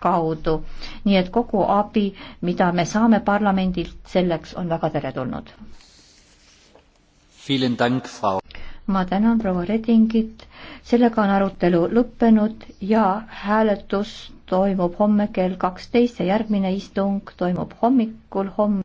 kaudu. nii et kogu abi, mida me saame parlamendilt, selleks on väga teretulnud. ma tänan proua Redingit, sellega on arutelu lõppenud ja hääletus toimub homme kell kaksteist ja järgmine istung toimub hommikul homme.